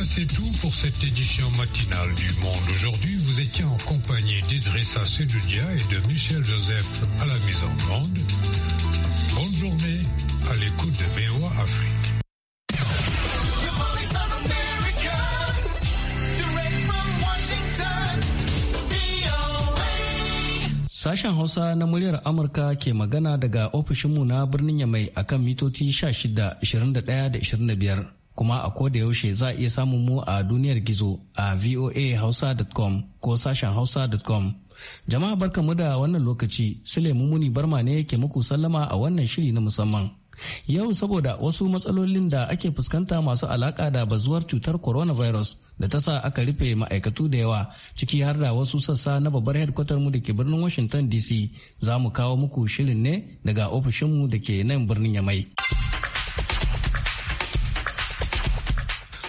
Hein, c'est tout pour cette édition matinale du Monde. Aujourd'hui, vous étiez en compagnie d'Idrissa Sedunia et de Michel Joseph à la mise en monde. Bonne journée à l'écoute de VOA Afrique. Sashen Hausa na muryar Amurka ke magana daga ofishinmu na birnin Yamai akan mitoci 16, 21 da 25. kuma a koda yaushe za a iya samun mu a duniyar gizo a voahausa.com ko sashen hausa.com. Jama'a mu da wannan lokaci, Sule Mumuni Barma ne ke muku sallama a wannan shiri na musamman. Yau saboda wasu matsalolin da ake fuskanta masu alaka da bazuwar cutar coronavirus da ta sa aka rufe ma'aikatu da yawa ciki har da wasu sassa na babbar headquarter mu da ke birnin Washington DC za mu kawo muku shirin ne daga ofishinmu da ke nan birnin Yamai.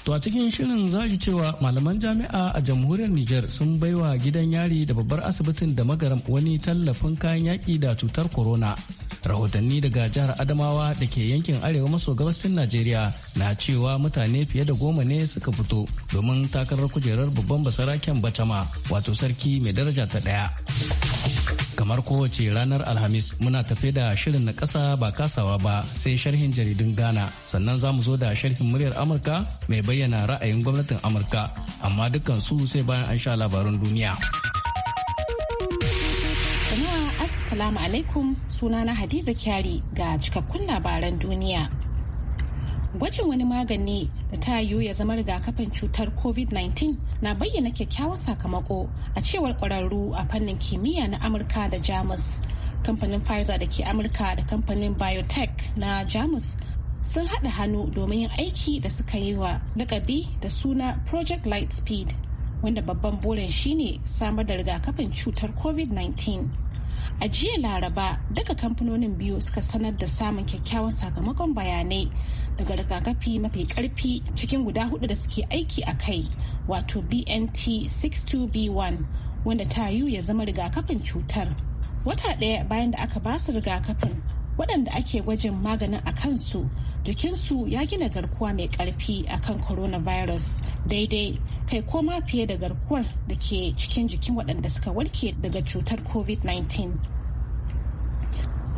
To a cikin shirin za cewa malaman jami'a a jamhuriyar Nijar sun baiwa gidan yari da babbar asibitin da magaram wani tallafin kayan yaki da cutar corona. Rahotanni daga jihar Adamawa da ke yankin arewa maso gabashin Najeriya na cewa mutane fiye da goma ne suka fito domin takarar kujerar babban basaraken bacama wato sarki mai daraja ta ɗaya. kamar kowace ranar alhamis muna tafe da shirin na kasa ba kasawa ba sai sharhin jaridun ghana sannan za mu zo da sharhin muryar amurka mai bayyana ra'ayin gwamnatin amurka amma dukkan su sai bayan an sha labarun duniya assalamu alaikum sunana hadiza kyari ga cikakkun labaran duniya Gwajin wani magani da ta yiwu ya zama rigakafin cutar COVID-19 na bayyana kyakkyawan sakamako a cewar ƙwararru a fannin kimiyya na Amurka da Jamus. Kamfanin Pfizer da ke Amurka da kamfanin Biotech na Jamus sun haɗa hannu domin yin aiki da suka yi wa lakabi da suna Project Light Speed wanda babban burin shine samar da rigakafin cutar COVID-19. a jiya laraba daga kamfanonin biyu suka sanar da samun kyakkyawan sakamakon bayanai daga rigakafi mafi karfi cikin guda hudu da suke aiki a kai wato bnt 62b1 wanda ta yiwu ya zama rigakafin cutar wata ɗaya bayan da aka basu rigakafin waɗanda ake gwajin maganin a kansu jikinsu ya gina garkuwa mai ƙarfi akan coronavirus daidai kai koma fiye da garkuwar da ke cikin jikin waɗanda suka warke daga cutar covid-19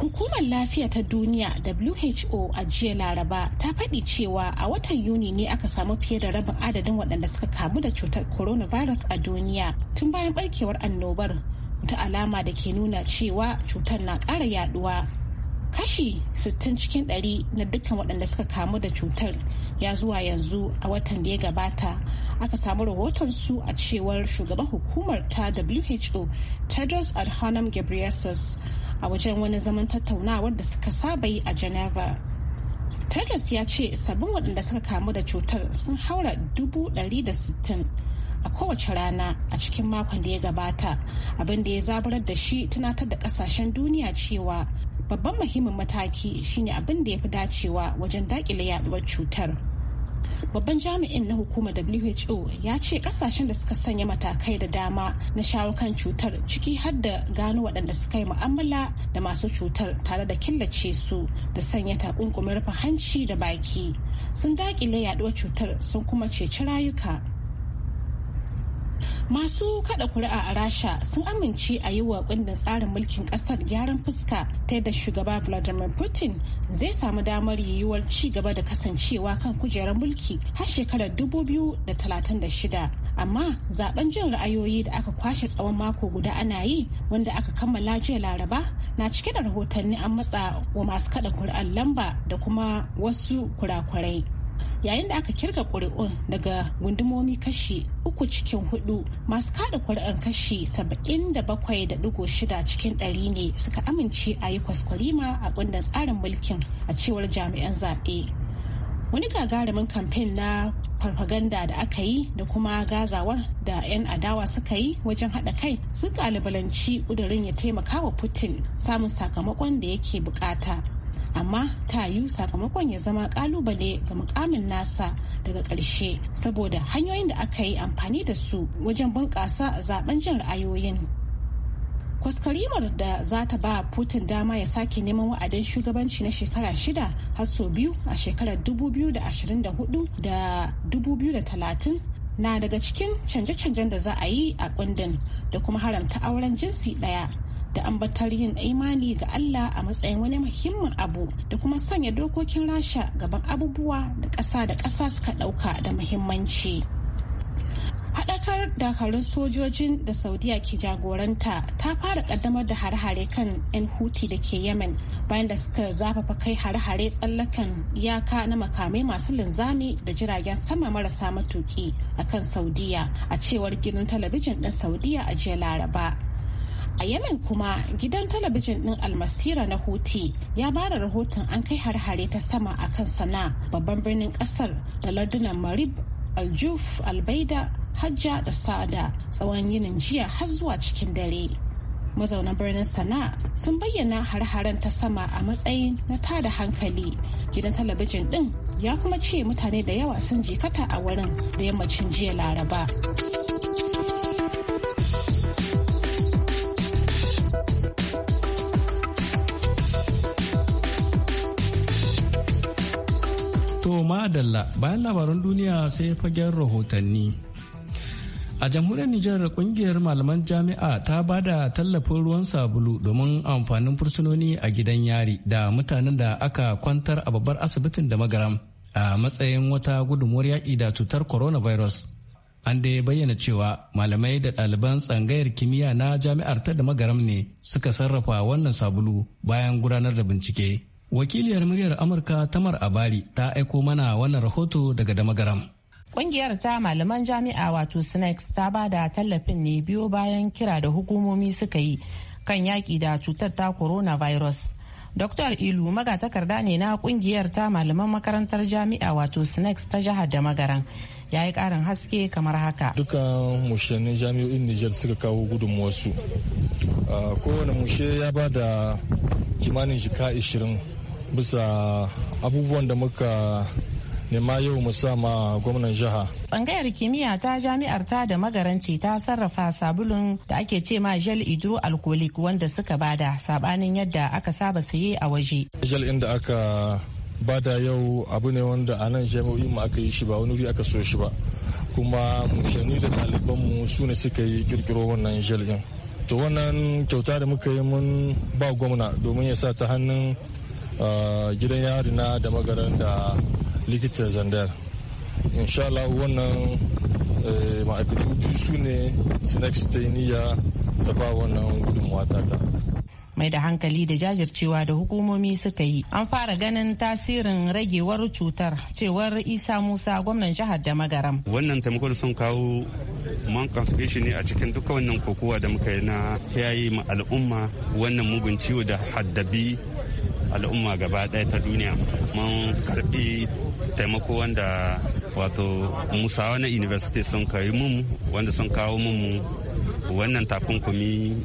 Hukumar Lafiya ta Duniya WHO a jiya Laraba ta faɗi cewa a watan Yuni ne aka samu fiye da rabin adadin waɗanda suka kamu da cutar coronavirus a duniya tun bayan barkewar annobar ta alama da ke nuna cewa cutar na ƙara yaduwa. Kashi 60 cikin 100 na dukkan waɗanda suka kamu da cutar ya zuwa yanzu a watan da ya gabata aka samu rahoton su a cewar shugaban hukumar ta who tedros adhanom ghebreyesus a wajen wani zaman tattaunawar da suka saba yi a geneva tedros ya ce sabbin waɗanda suka kamu da cutar sun haura dubu ɗari da sittin a kowace rana a cikin makon da ya gabata abinda ya zaburar da shi tunatar da kasashen duniya cewa babban muhimmin mataki shine abin da ya fi dacewa wajen dakile yaduwar cutar. babban jami'in na hukumar who ya ce kasashen da suka sanya matakai da dama na shawo kan cutar ciki har da gano waɗanda suka yi mu'amala da masu cutar tare da killace su da sanya takunkumin rufe hanci da baki sun daƙile yaduwar cutar sun kuma ceci rayuka Masu kada kuri'a a Rasha sun amince a yi wa kundin tsarin mulkin kasar gyaran fuska ta yadda shugaba Vladimir Putin zai samu damar yiwuwar ci gaba da kasancewa kan kujerar mulki har shekarar 2036. Amma zaben jin ra'ayoyi da aka kwashe tsawon mako guda ana yi wanda aka kammala jiya laraba na cike da rahotanni an matsa wa masu kada kuri'ar lamba da kuma wasu kurakurai. yayin da aka kirga ƙuri'un daga gundumomi kashi uku cikin hudu masu kada kuri'un kashi da shida cikin ɗari ne suka amince a yi kwaskwarima a kundin tsarin mulkin a cewar jami'an zaɓe wani gagarumin kamfen na farfaganda da aka yi da kuma gazawar da 'yan adawa suka yi wajen haɗa kai sun kalibalanci ƙudurin ya taimaka wa putin samun sakamakon da yake bukata amma ta yiwu sakamakon ya zama kalubale ga mukamin nasa daga ƙarshe saboda hanyoyin da aka yi amfani da su wajen bunƙasa zaben jin ra'ayoyin kwaskarimar da za ta ba putin dama ya sake neman wa'adin shugabanci na shekara shida har sau biyu a shekarar 2024 da 2030 na daga cikin canje-canjen da za a yi a kundin da kuma haramta auren jinsi daya da ambatar yin imani ga Allah a matsayin wani muhimmin abu da kuma sanya dokokin rasha gaban abubuwa da ƙasa da ƙasa suka ɗauka da muhimmanci. haɗakar dakarun sojojin da saudiya ke jagoranta ta fara ƙaddamar da hare-hare kan 'yan huti da ke yemen bayan da suka zafafa kai hare-hare tsallakan iyaka na makamai masu linzami da jiragen sama marasa matuki a kan saudiya a cewar gidan talabijin ɗin saudiya a jiya laraba a yemen kuma gidan talabijin din almasira na huti ya ba da rahoton an kai har-hare ta sama a kan sana babban birnin ƙasar da lardunan marib aljuf albaida hajja da sada tsawon yinin jiya har zuwa cikin dare mazaunan birnin sana sun bayyana har-haren ta sama a matsayin na tada hankali gidan talabijin ɗin ya kuma ce mutane da yawa sun jikata a wurin da yammacin jiya laraba. madalla bayan labaran duniya sai fagen rahotanni. A jamhuriyar Nijar kungiyar malaman jami'a ta ba da tallafin ruwan sabulu domin amfanin fursunoni a gidan yari da mutanen da aka kwantar a babbar asibitin da magaram a matsayin wata gudunmuwar yaƙi da cutar coronavirus. An da bayyana cewa malamai da ɗaliban tsangayar kimiyya na jami'ar ta da magaram ne suka sarrafa wannan sabulu bayan gudanar da bincike. Wakiliyar muryar Amurka Tamar Abari ta aiko mana wannan rahoto daga Damagaram. Kungiyar ta malaman jami'a wato SNACS ta ba da tallafin ne biyo bayan kira da hukumomi suka yi kan yaƙi da cutar ta coronavirus. Dr. Ilu magatakarda ne na kungiyar ta malaman makarantar jami'a wato SNACS ta jihar damagaran. yayi ya yi karin haske kamar haka. duka mushenin jami'o'in Nijar suka kawo gudunmuwarsu. Kowane mushe ya ba da kimanin jika bisa abubuwan da muka nema yau mu sa ma gwamnan jiha. Tsangayar kimiyya ta jami'ar ta da magaranci ta sarrafa sabulun da ake ce ma gel hydro wanda suka bada sabanin yadda aka saba saye a waje. Gel inda aka bada yau abu ne wanda a nan jami'o'i mu aka yi shi ba wani aka so shi ba. Kuma mushani da ɗalibanmu su ne suka yi kirkiro wannan gel To wannan kyauta da muka yi mun ba gwamna domin ya sa ta hannun gidan yari na da magaran da likita zandar sha Allah wannan eh, ma'aikatu biyu su ne sinex ta ba wannan gudunmuwa taka mai da hankali da jajircewa da hukumomi suka yi an fara ganin tasirin ragewar cutar cewar isa musa gwamnan jihar da magaram wannan taimakon sun kawo man kamfe ne a cikin duka wannan kokowa da muka yi na yayi ma al'umma wannan mugun ciwo da haddabi al'umma gaba ɗaya ta duniya mun karbi taimako wanda wato musawa na university sun kai mun wanda sun kawo mun wannan takunkumi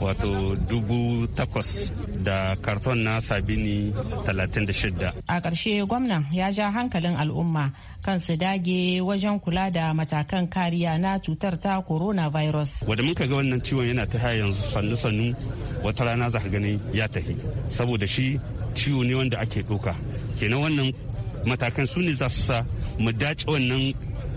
wato dubu takwas da karton na sabini 36. A ƙarshe gwamnan ya ja hankalin al'umma kan su dage wajen kula da matakan kariya na cutar ta coronavirus. Wadda muka ga wannan ciwon yana ta haya yanzu sannu-sannu wata rana za gani ya tafi saboda shi ciwo ne wanda ake ɗauka. Kenan wannan matakan su ne za su sa mu dace wannan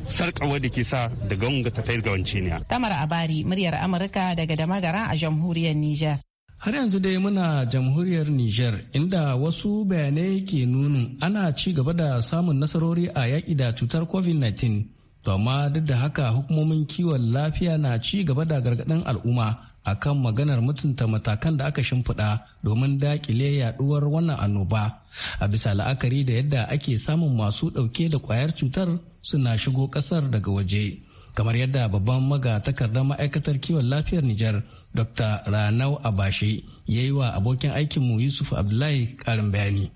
sarkawa da ke sa daga wanga ta tayar ga wanciniya. Tamar Abari, muryar Amurka daga Damagara a jamhuriyar Nijar. Har yanzu dai muna jamhuriyar Niger inda wasu bayanai ke nunin ana ci gaba da samun nasarori a yaƙi da cutar COVID-19. To amma duk da haka hukumomin kiwon lafiya na ci gaba da gargaɗin al'umma akan maganar mutunta matakan da aka shimfiɗa domin daƙile yaɗuwar wannan annoba. A bisa la'akari da yadda ake samun masu ɗauke da ƙwayar cutar suna shigo ƙasar daga waje. kamar yadda babban maga takardar ma'aikatar kiwon lafiyar Nijar Dr. Ranau Abashe ya yi wa abokin aikinmu Yusuf Abdullahi karin bayani.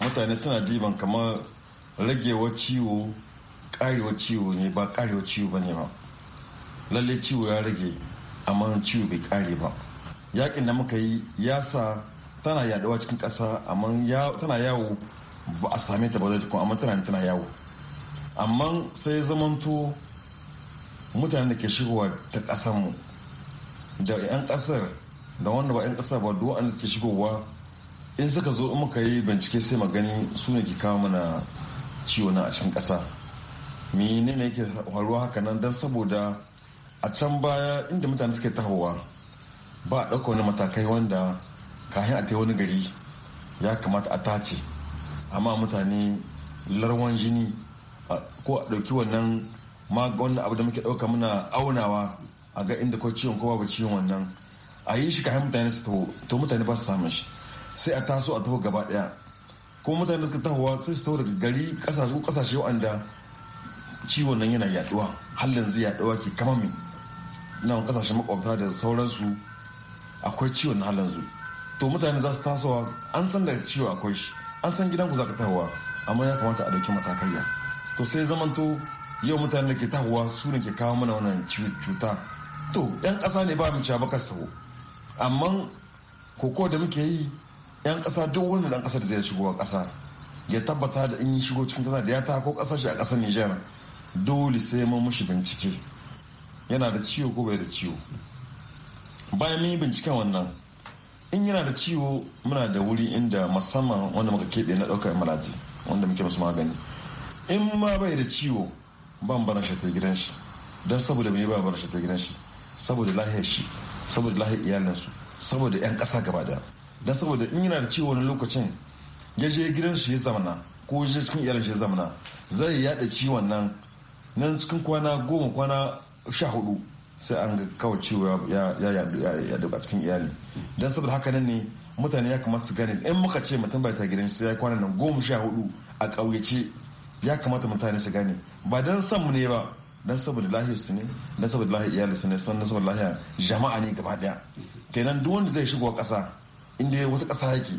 Mutane suna diban kamar ragewa ciwo karewa ciwo ne ba karewa ciwo ba ne ba. Lalle ciwo ya rage amma ciwo bai kare ba. Yakin da muka yi ya sa tana yaduwa cikin kasa amma tana yawo ba a same ta ba zai amma tana tana yawo. Amma sai zamanto mutanen da ke shigowa ta ƙasanmu da 'yan ƙasar da wanda ba 'yan ƙasar ba duwa da suke shigowa in suka zo in muka yi bincike sai magani su ne ke kawo mana ciwo na a cikin ƙasa mene ne yake faruwa haka nan don saboda a can baya inda mutane suke tahowa ba a ɗauka wani matakai wanda kahin a wani gari ya kamata a tace amma mutane larwan jini ko a ɗauki wannan ma wannan abu da muke ɗauka muna aunawa a ga inda ko ciwon ko babu ciwon wannan a yi shi kayan mutane su taho to mutane ba su samun shi sai a taso a taho gaba daya ko mutane suka tahowa sai su taho daga gari kasashe ko ƙasashe wanda ciwon nan yana yaduwa hallin zai yaduwa ke kama na nan kasashe makwabta da sauransu akwai ciwon na hallin zu to mutane za su tasowa an san da ciwo akwai shi an san gidanku za ka tahowa amma ya kamata a ɗauki ya to sai zamanto yau mutane da ke tahowa su ne ke kawo mana wannan cuta to yan ƙasa ne ba mu ci baka taho amma koko da muke yi yan ƙasa duk wanda dan ƙasa da zai shigo a ƙasa ya tabbata da in yi shigo cikin ƙasa da ya ta ko shi a ƙasar Nijar dole sai mun mushi bincike yana da ciwo ko bai da ciwo bayan mun yi binciken wannan in yana da ciwo muna da wuri inda musamman wanda muka keɓe na ɗaukar malati wanda muke masu magani in ma bai da ciwo ban bara shi ta gidan shi don saboda me ba bara shi ta gidan shi saboda lahiyar shi saboda lahiyar iyalinsu saboda yan ƙasa gaba da don saboda in yana da ciwo wani lokacin ya je gidan shi ya zamana ko ya cikin iyalin shi ya zamana zai yaɗa ciwon nan nan cikin kwana goma kwana sha hudu sai an ga kawai ciwo ya yaɗu a cikin iyali don saboda haka nan ne mutane ya kamata su gane in muka ce mutum bai ta gidan sai ya kwana nan goma sha hudu a ƙauyace ya kamata mutane su gane ba don san mu ne ba don saboda lahiyar su ne don saboda lahiyar iyali su ne don saboda lahiyar jama'a ne gaba daya kenan duk wanda zai shigo kasa inda wata kasa yake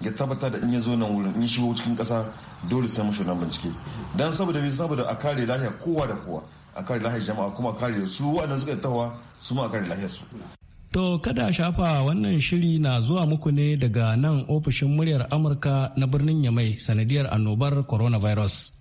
ya tabbata da in ya zo nan wurin in shigo cikin kasa dole sai mushi nan bincike dan saboda me saboda a kare lahiyar kowa da kowa a kare lahiyar jama'a kuma a kare su wanda suka tawa su ma a kare lahiyar su To kada shafa wannan shiri na zuwa muku ne daga nan ofishin muryar Amurka na birnin Yamai sanadiyar annobar coronavirus.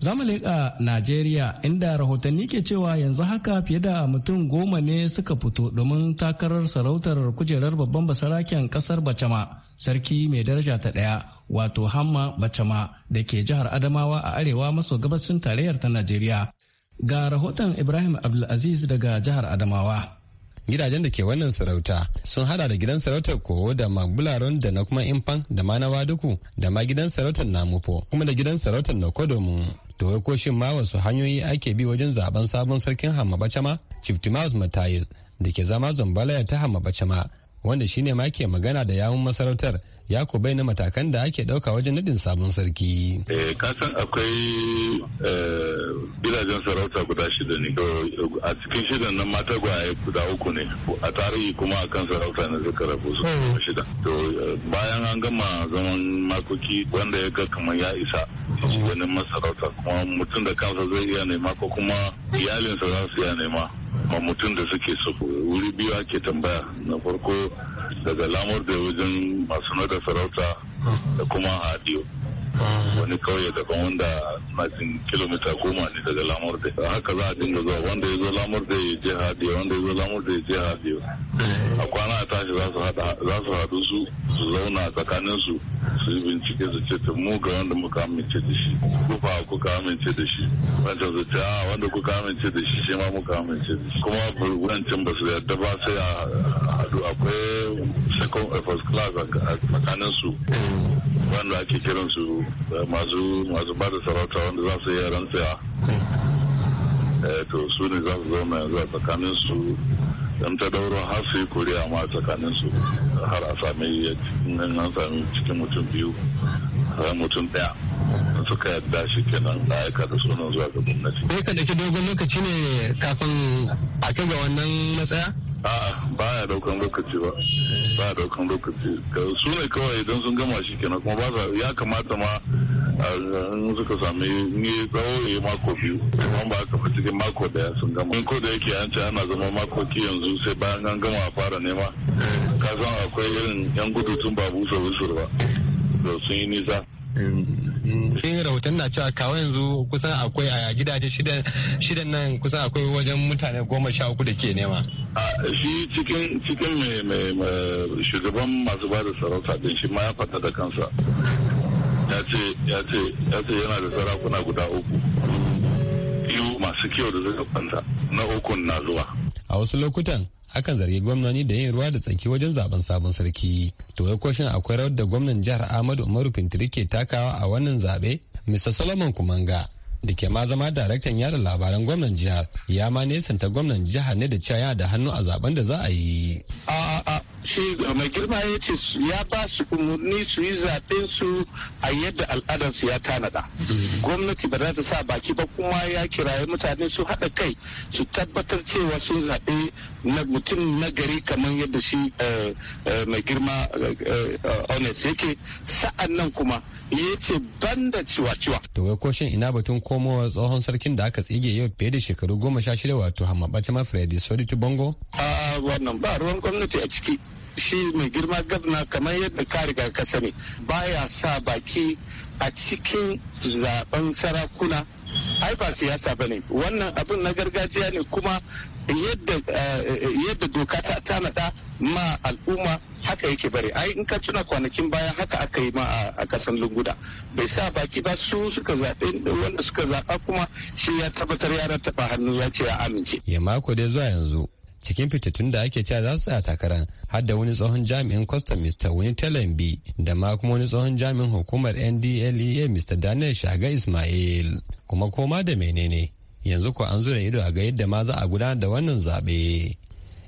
zamu leƙa najeriya inda rahotanni ke cewa yanzu haka fiye da mutum goma ne suka fito domin takarar sarautar kujerar babban basaraken kasar bacama sarki mai daraja ta ɗaya wato hamma bacama da ke jihar adamawa a arewa maso gabashin tarayyar ta najeriya ga rahoton ibrahim abdulaziz daga jihar adamawa gidajen da ke wannan sarauta sun hada da gidan sarautar kowo da magbularon da na kuma infan da ma na waduku da ma gidan sarautar namufo kuma da gidan sarautar na kodomu to wai ko shin ma wasu hanyoyi ake bi wajen zaben sabon sarkin hamma bacama chief timaus matayis da ke zama zambalaya ta hamma bacama wanda shine ma ke magana da yawun masarautar ya ku na matakan da ake ɗauka wajen nadin sabon sarki. Eh, kasan akwai eh, gidajen sarauta guda shida ne a cikin shidan nan mata gwaye guda uku ne a tarihi kuma a kan sarauta ne suka rabu su hmm. shida to bayan an gama zaman makoki wanda ya ga kamar ya isa wani masarauta kuma mutum da kansa zai iya nema ko kuma iyalinsa za su iya nema ma mutum da suke so wuri biyu ake tambaya na farko daga lamur da wajen masu nada sarauta da kuma hadiyo wani kauye daban wanda masin kilomita goma ne daga lamurde haka za a dinga zuwa wanda ya zo lamurde ya je hadiya wanda ya zo lamurde ya je hadiya a kwana a tashi za su haɗu su su zauna a tsakanin su su yi bincike su ce ta mu ga wanda muka amince da shi kufa kuka amince da shi wancan su ce a ah, wanda kuka amince da shi shi ma muka amince da shi kuma wancan ba su yadda ba sai a haɗu akwai second first class a tsakanin su wanda ake kiransu Eh, masu masu ba da sarauta wanda za su yi rantsaya eh, to su ne za su zama yanzu a tsakanin su don ta dauro har su yi kuri'a ma tsakanin su har a sami an sami cikin mutum biyu har eh, mutum daya suka yadda shi kenan da aika da sunan zuwa ga gwamnati. Sai ka ɗauki dogon lokaci ne kafin a ga wannan matsaya? A'a ba ya daukan lokaci ba. Ba ya daukan lokaci. Su ne kawai idan sun gama shi kenan kuma ba ya kamata ma in suka sami ni tsawo ya mako biyu kuma ba aka fi cikin mako daya sun gama in ko da yake an ce ana zama makoki yanzu sai bayan an gama a fara nema ka san akwai irin yan gudu tun ba busa busur ba da sun yi nisa mm. sai rahoton na cewa kawo yanzu kusan akwai a gidaje shidan nan kusan akwai wajen mutane goma sha uku da ke nema. shi cikin cikin shugaban masu ba da sarauta din shi ma ya fata da kansa ya ce ya ce ya ce yana da sarakuna guda uku biyu masu kyau da zai kwanta na ukun na zuwa a wasu lokutan akan zargi gwamnoni da yin ruwa da tsaki wajen zaben sabon sarki to ya koshin akwai rawar da gwamnan jihar ahmadu umaru fintiri ke takawa a wannan zaɓe mr solomon kumanga da ke ma zama daraktan yada labaran gwamnan jihar ya ma nesanta gwamnan jihar ne da cewa da hannu a zaben da za a yi. A shi mai girma ya ce ya ba su umarni su yi zaɓen su a yadda al'adar su ya tanada gwamnati ba za ta sa baki ba kuma ya kiraye mutane su haɗa kai su tabbatar cewa sun zaɓe na mutum na gari kamar yadda shi eh, eh, mai girma eh, honest yake sa'an nan kuma ya ce ban da ciwa-ciwa. to wai ko shin ina batun komowa tsohon sarkin da aka tsige yau fiye da shekaru goma sha shida wato hamma ma freddy sodi tubongo. a ah, wannan ba ruwan gwamnati a ciki shi mai girma gabna kamar yadda ka riga ka sani baya sa baki a cikin zaben sarakuna ai ba siyasa ba ne wannan abin na gargajiya ne kuma yadda eh, doka ta tanada ma al'umma haka yake bari ai in ka tuna kwanakin bayan haka aka yi ma a kasan lunguda bai sa baki ba su suka zaɓe wanda suka zaɓa kuma shi ya tabbatar ya rattaba hannu ya ce ya amince ya mako dai zuwa yanzu cikin fitattun da ake cewa za su tsaya takarar har da wani tsohon jami'in kwastam mr wani b da ma kuma wani tsohon jami'in hukumar ndlea mr daniel shaga ismail kuma koma da menene yanzu ko an zura ido a ga yadda ma za a gudanar da wannan zaɓe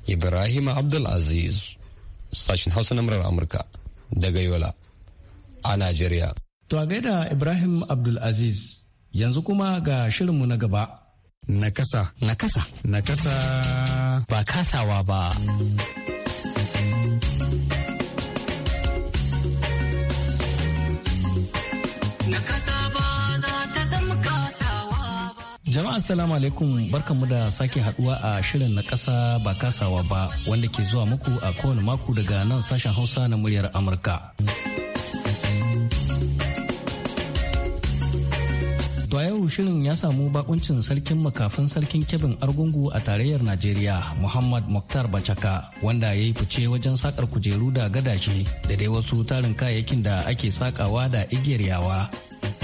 ibrahim abdul aziz sashen hausa na murar amurka daga yola a najeriya to a gaida ibrahim abdul aziz yanzu kuma ga shirinmu na gaba Nakasa. Nakasa. Nakasa. Ba kasawa ba. Jama'a assalamu alaikum barkanmu da sake haduwa a shirin na kasa ba kasawa ba wanda ke zuwa muku a kowane mako daga nan sashen hausa na muryar Amurka. To a yau shirin ya samu bakuncin sarkin makafin sarkin kebin argungu a tarayyar Najeriya Muhammad Muktar Bacaka wanda ya yi fice wajen sakar kujeru da gadashi da dai wasu tarin kayayyakin da ake sakawa da igiyar yawa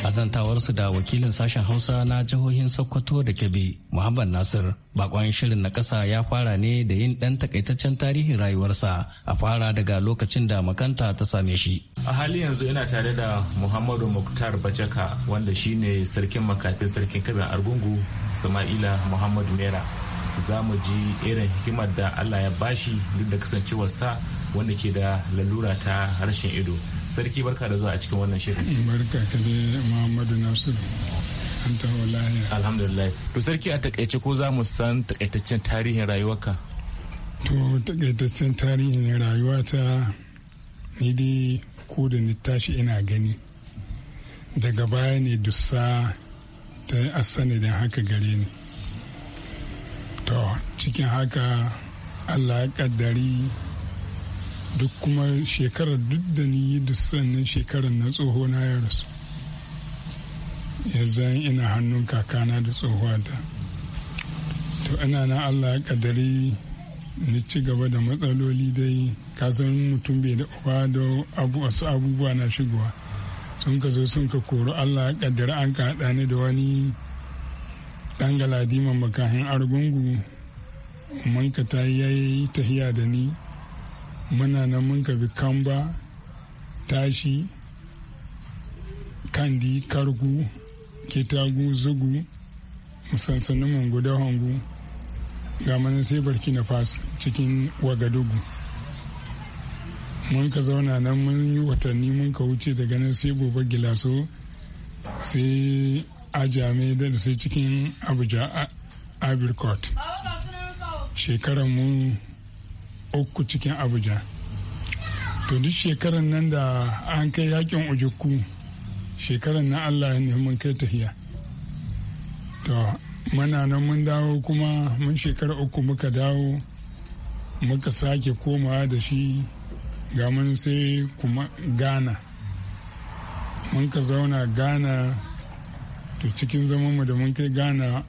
azantawarsu da wakilin sashen hausa na jihohin sokoto da Kebbi muhammad nasir bakon shirin na ƙasa ya fara ne da yin ɗan takaitaccen tarihin rayuwarsa a fara daga lokacin da makanta ta same shi a hali yanzu ina tare da muhammadu muktar bajaka wanda shine sarkin makafin sarkin kabin argungu sama'ila muhammadu mera za mu ji irin hikimar da allah ya bashi duk da kasancewarsa wanda ke da lalura ta harshen ido sarki barka da zuwa a cikin wannan shirin barka ka dai muhammadu nasiru alhamdulillah to sarki a takaice ko za mu san takaitaccen tarihin rayuwarka to takaitaccen tarihin rayuwata ni dai ko da ni tashi ina gani daga baya ne dussa ta yi asani da haka gare ni to cikin haka allah ya kaddari duk kuma shekarar duk da ni duk sannan shekarar na tsoho na ya rasu yanzu ina hannun kakana da tsohuwata to ina na allah ya kadari ni ci gaba da matsaloli dai kasan mutum bai da uba da wasu abubuwa na shigowa sun ka zo sun ka koro allah ya kadari an ka haɗa ni da wani ɗan galadiman makahin argungu manka ta yi tahiya da ni muna nan mun bi kamba tashi kandi kargu kitagu zugu musansanin mun guda hangu ga manan sai barki na fas cikin wagadugu mun ka zauna nan mun yi watanni mun ka wuce daga nan sai gobe gilaso sai ajame da sai cikin abuja abirkot shekaran mu uku cikin abuja to duk shekaran nan da an kai yakin ujukku shekaran na allah ne mun kai tahiya to mana nan mun dawo kuma mun shekara uku muka dawo muka sake komawa da shi ga mun sai kuma ghana mun ka zauna ghana to cikin zamanmu da mun kai ghana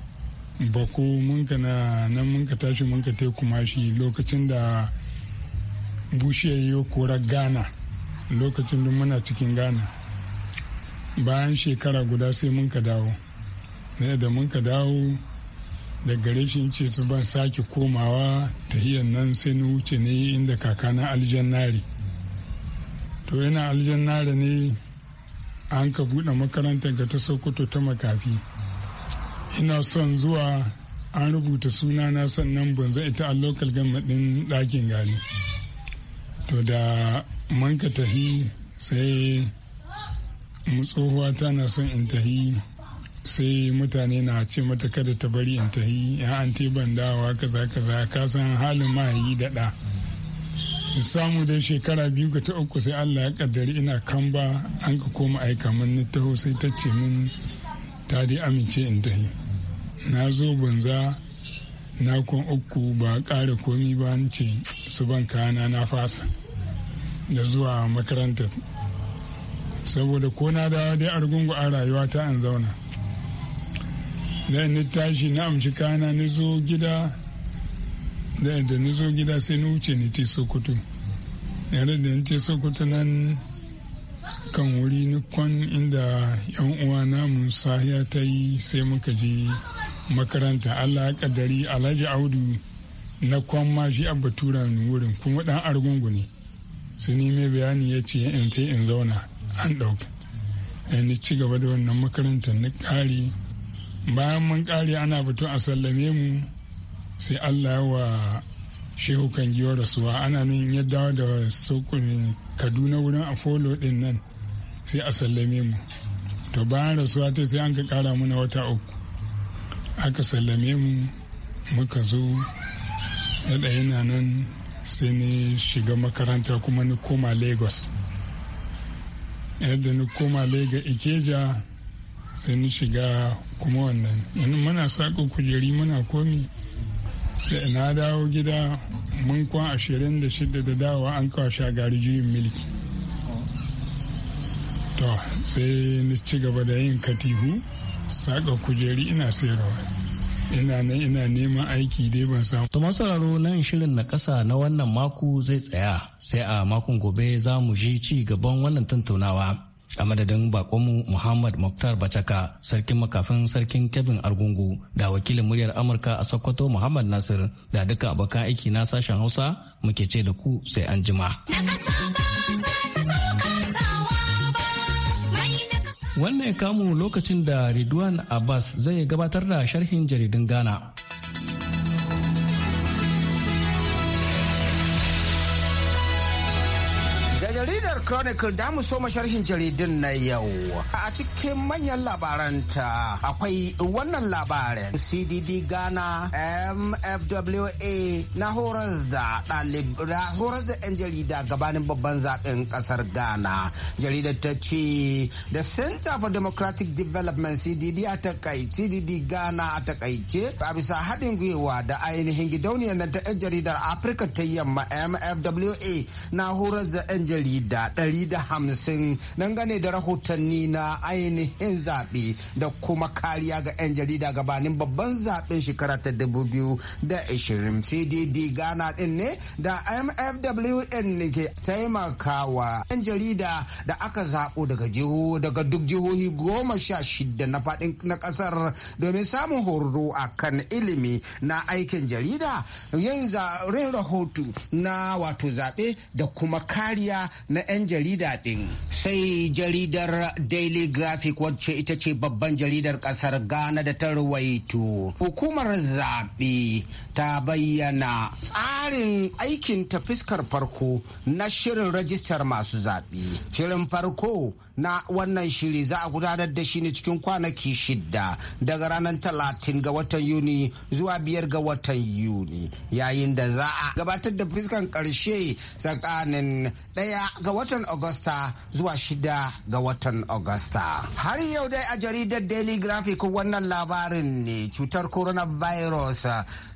bako mun ka na nan mun ka tashi mun ka te kuma shi lokacin da bushe ya kora ghana lokacin da muna cikin ghana bayan shekara guda sai mun ka dawo ne da mun ka dawo da gare shi ce su ban sake komawa ta hiyan nan sai ni wuce ne inda kakana aljannari to yana aljannari ne an ka buɗe makarantar ga ta sokoto ta makafi ina son zuwa an rubuta suna na sannan banza ita a local government din ɗakin gani to da manka tahi sai tsohuwa tana son in tahi sai mutane na ce mata kada ta bari in tahi ya an ban dawa kaza kaza ka san halin mahayi da samu dai shekara biyu ga ta uku sai allah ya kaddari ina kamba an ka koma aika min taho sai ta ce min ta dai amince in tahi na zo banza na kun uku ba ƙara komi ba ce su ban kana na fasa da zuwa makarantar saboda ko na dawa dai argungu a rayuwa ta an zauna da ni tashi na amshi kana ni zo gida da yadda ni zo gida sai ni wuce ni ce sokoto yare da ni ce sokoto nan kan wuri ni inda yan uwa namun sahiya ta yi sai muka je makaranta allah ya kaddari alhaji audu na kwamma shi a turan wurin kuma dan argungu ne su mai bayani ya ce in sai in zauna an ya eh, ni ci gaba da wannan makaranta na kare bayan mun kare ana fito a sallame mu sai allah wa shehu kan giwa rasuwa ana nan ya dawo da sokunin kaduna wurin afolo din nan sai a sallame mu to bayan rasuwa ta sai an ka kara mana wata uku aka sallame mu muka zo na ɗaya na nan sai ni shiga makaranta kuma ni koma lagos yadda ni koma lagos ikeja sai ni shiga kuma wannan yanzu muna saƙo kujeri muna komi da ina dawo gida mun kwan ashirin da shida da dawa an kawo shagari juyin milki to sai ni ci gaba da yin katihu saƙa kujeri ina sayarwa ina nan ina neman aiki dai ban samu. to masararo nan shirin na ƙasa na wannan mako zai tsaya sai a makon gobe za mu ji ci gaban wannan tattaunawa a madadin bakonmu muhammad muktar bacaka sarkin makafin sarkin kevin argungu da wakilin muryar amurka a sokoto muhammad nasir da duka abokan aiki na sashen hausa muke ce da ku sai an jima. Wannan kamu lokacin da Ridwan Abbas zai gabatar da sharhin jaridun Ghana. Chronicle da mu so sharhin jaridun na yau. A cikin manyan labaranta akwai wannan labarin CDD Ghana MFWA na horas da horas da 'yan jarida gabanin babban zaɓen ƙasar Ghana. Jaridar ta ce The Center for Democratic Development CDD a takaice CDD Ghana a takaice a bisa haɗin gwiwa da ainihin gidauniyar nan ta 'yan jaridar Afirka ta yamma MFWA na horas da 'yan jarida 150 dangane da rahotanni na ainihin zaɓe da kuma kariya ga 'yan jarida gabanin babban zaɓen shekara ta 2020 sai cdd ghana ɗin ne da mfwn ke taimakawa 'yan jarida da aka zaɓo daga jiho daga duk jihohi goma sha shida na faɗin na ƙasar domin samun horo a kan ilimi na aikin jarida yin rahoto na wato zaɓe da kuma kariya na 'yan jarida ɗin sai jaridar daily graphic wacce ita ce babban jaridar ƙasar ghana da ta ruwaito hukumar zaɓe ta bayyana tsarin aikin ta fuskar farko na shirin rajistar masu zaɓe shirin farko na wannan shiri za a gudanar da shi ne cikin kwanaki shida daga ranar talatin ga watan yuni zuwa biyar ga watan yuni yayin da za a gabatar da fuskan karshe tsakanin daya ga watan agusta zuwa shida ga watan agusta har yau dai a jaridar daily graphic wannan labarin ne cutar coronavirus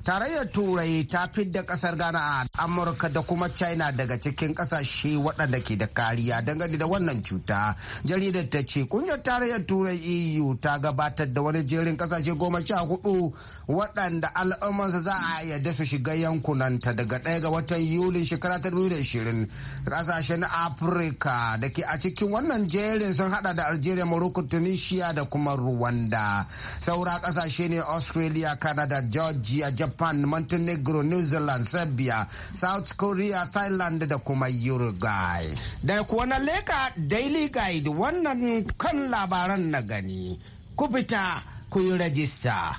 Tarayyar Turai ta fidda kasar Ghana a Amurka da kuma China daga cikin kasashe waɗanda ke da kariya dangane da wannan cuta. Jaridar ta ce kungiyar tarayyar Turai EU ta gabatar da wani jerin kasashe goma sha hudu waɗanda al'ummarsa za a yarda su shiga yankunanta daga ɗaya ga watan yuli shekara ta dubu da ashirin. Kasashen Afirka da ke a cikin wannan jerin sun hada da Algeria, Morocco, Tunisia da kuma Rwanda. Saura kasashe ne Australia, Canada, Georgia, Japan japan montenegro new zealand serbia south korea thailand da kuma uruguay da kuwa na leka daily guide wannan kan labaran na gani ku fita ku yi rajista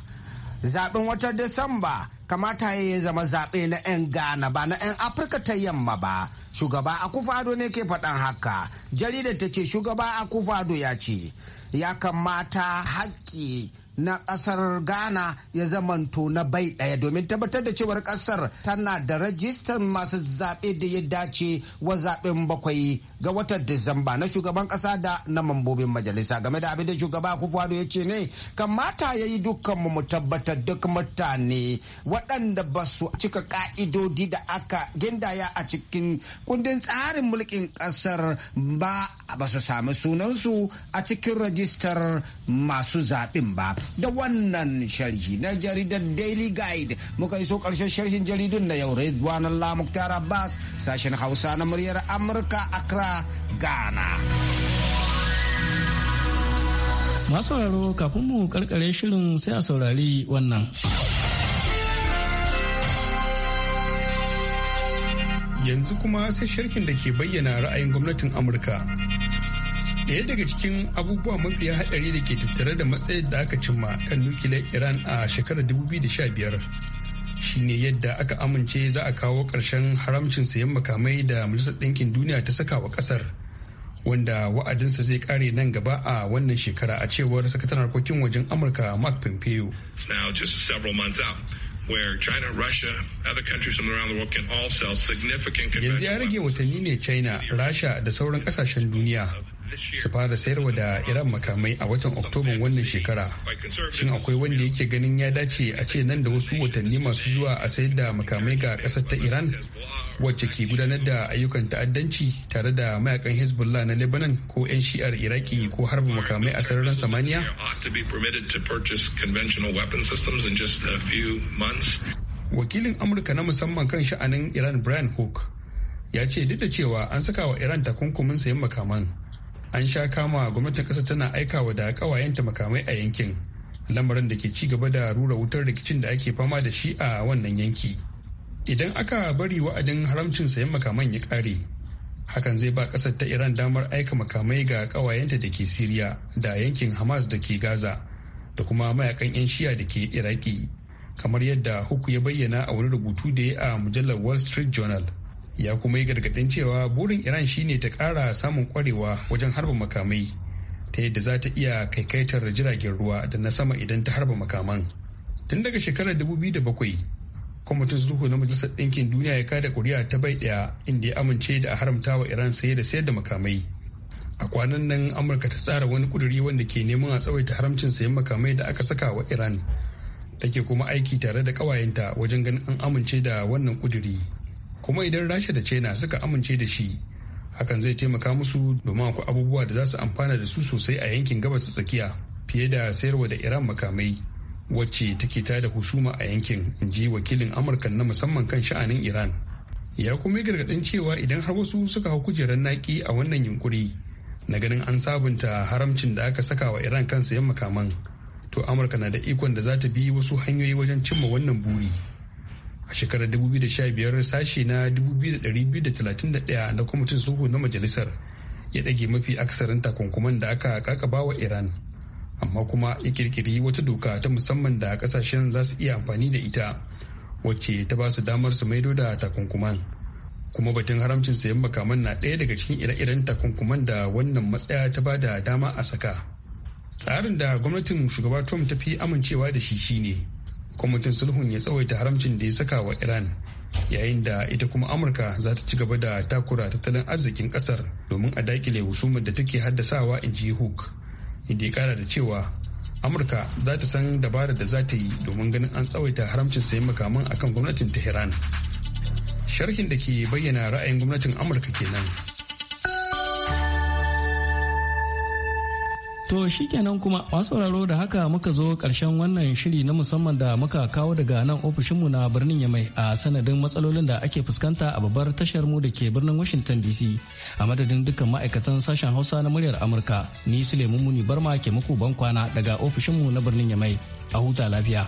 zaɓin watan disamba kamata ya zama zaɓe na 'yan ghana ba na 'yan afirka ta yamma ba shugaba akufado ne ke faɗan haka jaridar ta ce shugaba akufado ya ce ya kamata haƙƙi na kasar ghana ya zamanto na bai daya domin tabbatar da cewar ƙasar tana da rajistar masu zaɓe da ya dace wa zaɓen bakwai ga watan disamba na shugaban ƙasa da na mambobin majalisa game da abin da shugaba kufuwado ya ce ne kamata ya yi dukkanmu mu tabbatar duk mutane waɗanda ba su cika ka'idodi da aka gindaya a cikin kundin tsarin mulkin ƙasar ba ba su sami sunansu a cikin rajistar masu zaɓen ba da wannan sharhi na jaridar Daily Guide muka so karshen sharhin jaridun na yau Redwan Allah Muktar Abbas sashen Hausa na muryar Amurka Accra Ghana. Masu sauraro kafin mu karkare shirin sai a saurari wannan. Yanzu kuma sai sharkin da ke bayyana ra'ayin gwamnatin Amurka. Daya daga cikin abubuwa mafi haɗari da ke tattare da matsayin da aka cimma kan nukiliyar Iran a shekarar 2015 shine yadda aka amince za a kawo ƙarshen haramcin sayan makamai da Majalisar Ɗinkin Duniya ta saka wa ƙasar. Wanda wa'adinsa zai kare nan gaba a wannan shekara a cewar sakataren harkokin wajen Amurka Mark Pompeo. Yanzu ya rage watanni ne China, Rasha da sauran kasashen duniya su fara sayarwa da iran makamai a watan oktoban wannan shekara shin akwai wanda yake ganin ya dace a ce nan da wasu watanni masu zuwa a sayar da makamai ga kasar ta iran wacce ke gudanar da ayyukan ta'addanci tare da mayakan hezbollah na lebanon ko 'yan shi'ar iraki ko harba makamai a sararin samaniya wakilin amurka na musamman kan sha'anin iran brian hook ya ce duk da cewa an saka wa iran takunkumin sayan makaman an sha kama gwamnatin ƙasa tana aikawa da ƙawayenta makamai a yankin lamarin da ke ci gaba da rura wutar rikicin da ake fama da shi a wannan yanki idan aka bari wa'adin haramcin sayan makaman ya ƙare hakan zai ba ƙasar ta iran damar aika makamai ga ƙawayenta da ke siriya da yankin hamas da ke gaza da kuma mayakan 'yan shiya da ke iraki kamar yadda huku ya bayyana a wani rubutu da ya a mujallar wall street journal ya kuma yi gargaɗin cewa burin iran shine ta kara samun kwarewa wajen harba makamai ta yadda za ta iya kaikaitar jiragen ruwa da na sama idan ta harba makaman tun daga shekarar da bakwai kwamitin zuhu na majalisar ɗinkin duniya ya kada kuri'a ta bai ɗaya inda ya amince da a haramta wa iran saye da sayar da makamai a kwanan nan amurka ta tsara wani kuduri wanda ke neman a tsawaita haramcin sayan makamai da aka saka wa iran take kuma aiki tare da ƙawayenta wajen ganin an amince da wannan kuduri kuma idan rasha da china suka amince da shi hakan zai taimaka musu domin akwai abubuwa da za su amfana da su sosai a yankin gabas tsakiya fiye da sayarwa da iran makamai wacce take da husuma a yankin in ji wakilin amurka na musamman kan sha'anin iran ya kuma yi gargaɗin cewa idan har wasu suka hau kujerar naki a wannan yunkuri na ganin an sabunta haramcin da aka saka wa iran kan sayan makaman to amurka na da ikon da za ta bi wasu hanyoyi wajen cimma wannan buri. a shekarar 2015 sashi na 2231 na kwamitin suhu na majalisar ya ɗage mafi aksarin takunkuman da aka kakaba wa iran amma kuma ya kirkiri wata doka ta musamman da kasashen za su iya amfani da ita wacce ta ba su damar su maido da takunkuman kuma batun haramcin sayan makaman na ɗaya daga cikin ire-iren takunkuman da wannan matsaya ta ba da dama a saka tsarin da gwamnatin shugaba trump ta fi amincewa da shi shine kwamitin sulhun ya tsawaita haramcin da ya saka wa iran yayin da ita kuma amurka za ta ci gaba da takura tattalin arzikin kasar domin a dakile husumar da take haddasawa in ji hook inda ya kara da cewa amurka za ta san dabarar da za ta yi domin ganin an tsawaita haramcin sayan makaman akan gwamnatin tehran sharhin da ke bayyana ra'ayin gwamnatin amurka kenan To shi kenan kuma masu sauraro da haka muka zo karshen wannan shiri na musamman da muka kawo daga nan ofishinmu na birnin Yamai a sanadin matsalolin da ake fuskanta a babbar tashar mu da ke birnin Washington DC a madadin dukkan ma'aikatan sashen Hausa na muryar Amurka ni Suleiman Muni Barma ke muku ban kwana daga ofishinmu na birnin Yamai a huta lafiya.